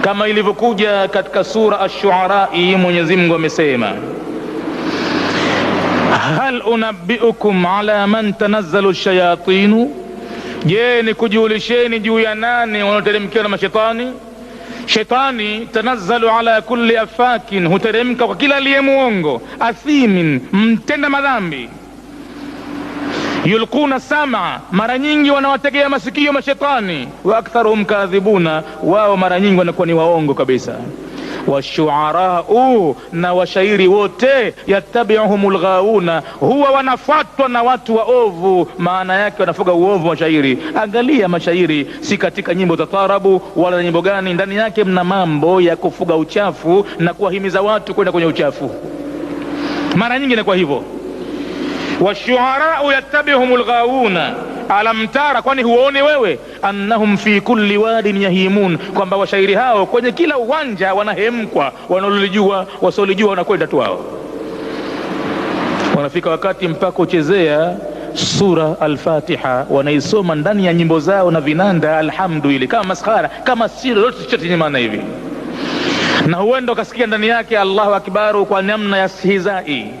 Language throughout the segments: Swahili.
kama ilivyokuja katika sura Ash-Shuarai, Mwenyezi Mungu amesema hal unabbiukum ala man tanazzalu shayatinu, je ni kujulisheni juu ya nane wanaoteremkiwa na mashetani. Shetani tanazzalu ala kulli afakin, huteremka kwa kila aliye muongo, athimin, mtenda madhambi yulquna sama, mara nyingi wanawategea masikio mashetani. Wa aktharuhum kadhibuna, wao mara nyingi wanakuwa ni waongo kabisa. Washuarau, na washairi wote, yattabiuhum lghauna, huwa wanafuatwa na watu waovu. Maana yake wanafuga uovu mashairi. Angalia mashairi, si katika nyimbo za tarabu wala na nyimbo gani, ndani yake mna mambo ya kufuga uchafu na kuwahimiza watu kwenda kwenye uchafu. Mara nyingi inakuwa hivyo washuarau yattabihum lghawuna, alam tara, kwani huone wewe? Annahum fi kulli wadin yahimun, kwamba washairi hao kwenye kila uwanja wanahemkwa, wanaolijua wasiolijua wanakwenda tu hao, wanafika wakati mpaka uchezea sura Alfatiha wanaisoma ndani ya nyimbo zao na vinanda, alhamdu ili kama maskhara, kama si lolote chochote chenye maana hivi, na huenda ukasikia ndani yake Allahu akbaru kwa namna ya stihizai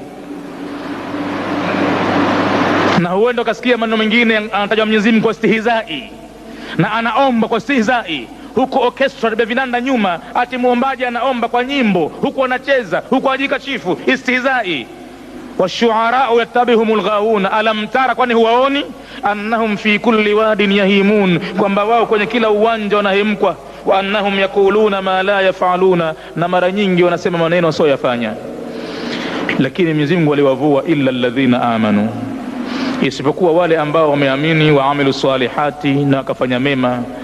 na huenda akasikia maneno mengine anatajwa Mwenyezi Mungu kwa stihizai na anaomba kwa stihizai huku orchestra bebe vinanda nyuma, ati muombaji anaomba kwa nyimbo, huku anacheza huku ajika chifu istihzai. Washuarau yattabihum lghauna alam tara, kwani huwaoni? Annahum fi kulli wadin yahimun, kwamba wao kwenye kila uwanja wanahemkwa. Wa annahum yaquluna ma la yafaluna, na mara nyingi wanasema maneno wasioyafanya. Lakini Mwenyezi Mungu aliwavua illa alladhina amanu isipokuwa wale ambao wameamini waamilu salihati na wakafanya mema.